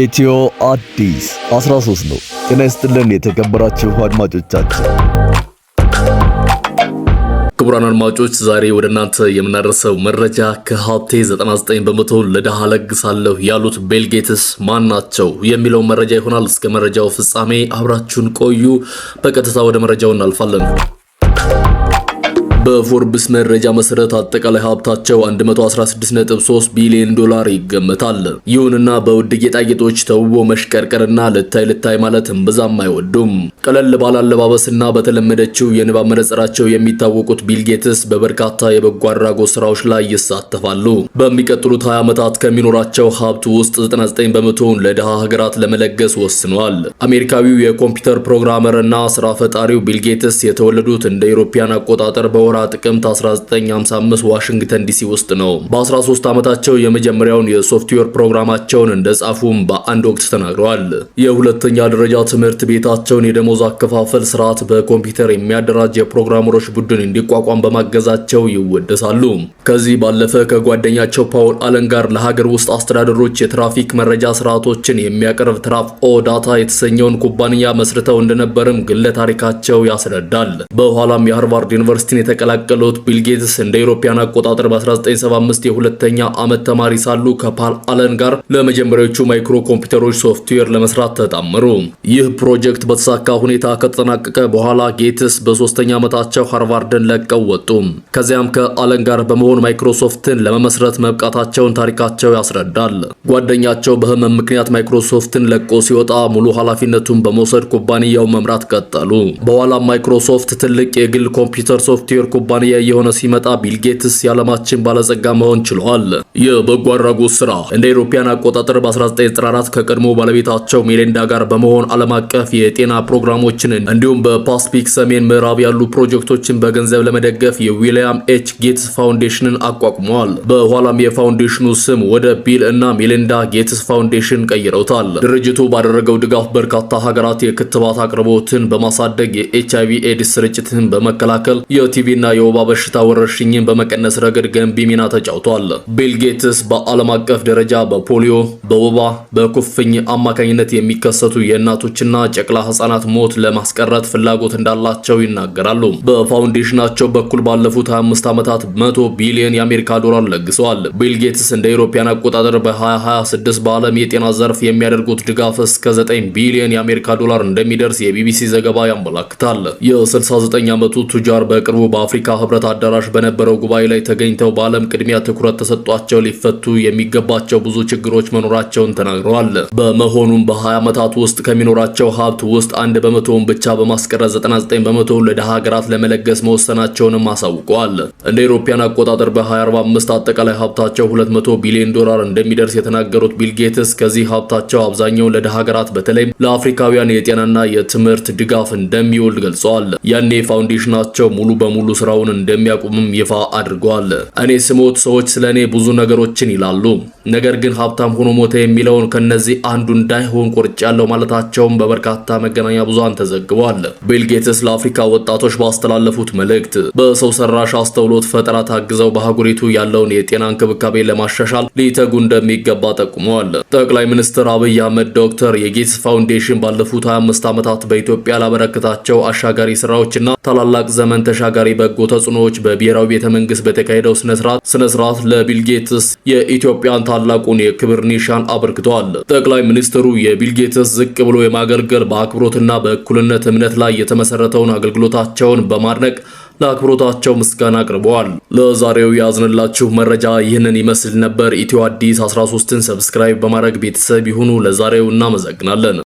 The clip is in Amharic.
ኢትዮ አዲስ 13 ነው። ጤና ይስጥልን የተከበራችሁ አድማጮቻችን። ክቡራን አድማጮች ዛሬ ወደ እናንተ የምናደርሰው መረጃ ከሀብቴ 99 በመቶ ለድሃ ለግሳለሁ ያሉት ቤልጌትስ ማን ናቸው የሚለው መረጃ ይሆናል። እስከ መረጃው ፍጻሜ አብራችሁን ቆዩ። በቀጥታ ወደ መረጃው እናልፋለን። በፎርብስ መረጃ መሰረት አጠቃላይ ሀብታቸው 116.3 ቢሊዮን ዶላር ይገመታል። ይሁንና በውድ ጌጣጌጦች ተውቦ መሽቀርቀርና ልታይ ልታይ ማለት እምብዛም አይወዱም። ቀለል ባለ አለባበስና በተለመደችው የንባብ መነጽራቸው የሚታወቁት ቢል ጌትስ በበርካታ የበጎ አድራጎት ስራዎች ላይ ይሳተፋሉ። በሚቀጥሉት 20 ዓመታት ከሚኖራቸው ሀብት ውስጥ 99 በመቶውን ለድሃ ሀገራት ለመለገስ ወስኗል። አሜሪካዊው የኮምፒውተር ፕሮግራመር እና ስራ ፈጣሪው ቢል ጌትስ የተወለዱት እንደ ኢሮፓያን አቆጣጠር በወ ጎራ ጥቅምት 1955 ዋሽንግተን ዲሲ ውስጥ ነው። በ13 ዓመታቸው የመጀመሪያውን የሶፍትዌር ፕሮግራማቸውን እንደጻፉም በአንድ ወቅት ተናግረዋል። የሁለተኛ ደረጃ ትምህርት ቤታቸውን የደሞዝ አከፋፈል ስርዓት በኮምፒውተር የሚያደራጅ የፕሮግራመሮች ቡድን እንዲቋቋም በማገዛቸው ይወደሳሉ። ከዚህ ባለፈ ከጓደኛቸው ፓውል አለን ጋር ለሀገር ውስጥ አስተዳደሮች የትራፊክ መረጃ ስርዓቶችን የሚያቀርብ ትራፍ ኦ ዳታ የተሰኘውን ኩባንያ መስርተው እንደነበርም ግለ ታሪካቸው ያስረዳል። በኋላም የሃርቫርድ ዩኒቨርሲቲን የተቀላቀሉት ቢል ጌትስ እንደ ኢሮፓያን አቆጣጠር በ1975 የሁለተኛ ዓመት ተማሪ ሳሉ ከፓል አለን ጋር ለመጀመሪያዎቹ ማይክሮ ኮምፒውተሮች ሶፍትዌር ለመስራት ተጣመሩ። ይህ ፕሮጀክት በተሳካ ሁኔታ ከተጠናቀቀ በኋላ ጌትስ በሶስተኛ ዓመታቸው ሃርቫርድን ለቀው ወጡ። ከዚያም ከአለን ጋር በመሆን ማይክሮሶፍትን ለመመስረት መብቃታቸውን ታሪካቸው ያስረዳል። ጓደኛቸው በህመም ምክንያት ማይክሮሶፍትን ለቆ ሲወጣ ሙሉ ኃላፊነቱን በመውሰድ ኩባንያው መምራት ቀጠሉ። በኋላም ማይክሮሶፍት ትልቅ የግል ኮምፒውተር ሶፍትዌር ኩባንያ የሆነ ሲመጣ ቢልጌትስ የዓለማችን ባለጸጋ መሆን ችሏል። የበጎ አድራጎት ስራ እንደ ኢሮፓያን አቆጣጠር በ1994 ከቀድሞ ባለቤታቸው ሜሌንዳ ጋር በመሆን ዓለም አቀፍ የጤና ፕሮግራሞችን እንዲሁም በፓስፊክ ሰሜን ምዕራብ ያሉ ፕሮጀክቶችን በገንዘብ ለመደገፍ የዊልያም ኤች ጌትስ ፋውንዴሽንን አቋቁመዋል። በኋላም የፋውንዴሽኑ ስም ወደ ቢል እና ሜሌንዳ ጌትስ ፋውንዴሽን ቀይረውታል። ድርጅቱ ባደረገው ድጋፍ በርካታ ሀገራት የክትባት አቅርቦትን በማሳደግ የኤች አይቪ ኤድስ ስርጭትን በመከላከል የቲቪ እና የወባ በሽታ ወረርሽኝን በመቀነስ ረገድ ገንቢ ሚና ተጫውቷል። ጌትስ በዓለም አቀፍ ደረጃ በፖሊዮ በወባ በኩፍኝ አማካኝነት የሚከሰቱ የእናቶችና ጨቅላ ህጻናት ሞት ለማስቀረት ፍላጎት እንዳላቸው ይናገራሉ። በፋውንዴሽናቸው በኩል ባለፉት 25 ዓመታት 100 ቢሊዮን የአሜሪካ ዶላር ለግሰዋል። ቢል ጌትስ እንደ አውሮፓውያን አቆጣጠር በ2026 በዓለም የጤና ዘርፍ የሚያደርጉት ድጋፍ እስከ 9 ቢሊዮን የአሜሪካ ዶላር እንደሚደርስ የቢቢሲ ዘገባ ያመላክታል። የ69 ዓመቱ ቱጃር በቅርቡ በአፍሪካ ህብረት አዳራሽ በነበረው ጉባኤ ላይ ተገኝተው በዓለም ቅድሚያ ትኩረት ተሰጥቷቸው በሀገራቸው ሊፈቱ የሚገባቸው ብዙ ችግሮች መኖራቸውን ተናግረዋል። በመሆኑም በ20 ዓመታት ውስጥ ከሚኖራቸው ሀብት ውስጥ አንድ በመቶውን ብቻ በማስቀረት 99 በመቶውን ለድሃ ሀገራት ለመለገስ መወሰናቸውንም አሳውቀዋል። እንደ ኢሮፓያን አቆጣጠር በ2045 አጠቃላይ ሀብታቸው 200 ቢሊዮን ዶላር እንደሚደርስ የተናገሩት ቢል ጌትስ ከዚህ ሀብታቸው አብዛኛውን ለድሃ ሀገራት በተለይም ለአፍሪካውያን የጤናና የትምህርት ድጋፍ እንደሚውል ገልጸዋል። ያኔ ፋውንዴሽናቸው ሙሉ በሙሉ ስራውን እንደሚያቁምም ይፋ አድርገዋል። እኔ ስሞት ሰዎች ስለ እኔ ብዙ ነገሮችን ይላሉ። ነገር ግን ሀብታም ሆኖ ሞተ የሚለውን ከነዚህ አንዱ እንዳይሆን ቆርጫለሁ ማለታቸውም በበርካታ መገናኛ ብዙሃን ተዘግቧል። ቢል ጌትስ ለአፍሪካ ወጣቶች ባስተላለፉት መልእክት በሰው ሰራሽ አስተውሎት ፈጠራ ታግዘው በአህጉሪቱ ያለውን የጤና እንክብካቤ ለማሻሻል ሊተጉ እንደሚገባ ጠቁመዋል። ጠቅላይ ሚኒስትር አብይ አህመድ ዶክተር የጌትስ ፋውንዴሽን ባለፉት 25 ዓመታት በኢትዮጵያ ላበረከታቸው አሻጋሪ ስራዎችና ታላላቅ ዘመን ተሻጋሪ በጎ ተጽዕኖዎች በብሔራዊ ቤተ መንግስት በተካሄደው ስነስርዓት ስነስርዓት ለቢል ጌትስ ጌትስ የኢትዮጵያን ታላቁን የክብር ኒሻን አበርክተዋል። ጠቅላይ ሚኒስትሩ የቢል ጌትስ ዝቅ ብሎ የማገልገል በአክብሮትና በእኩልነት እምነት ላይ የተመሰረተውን አገልግሎታቸውን በማድነቅ ለአክብሮታቸው ምስጋና አቅርበዋል። ለዛሬው ያዝንላችሁ መረጃ ይህንን ይመስል ነበር። ኢትዮ አዲስ 13ን ሰብስክራይብ በማድረግ ቤተሰብ ይሁኑ። ለዛሬው እናመሰግናለን።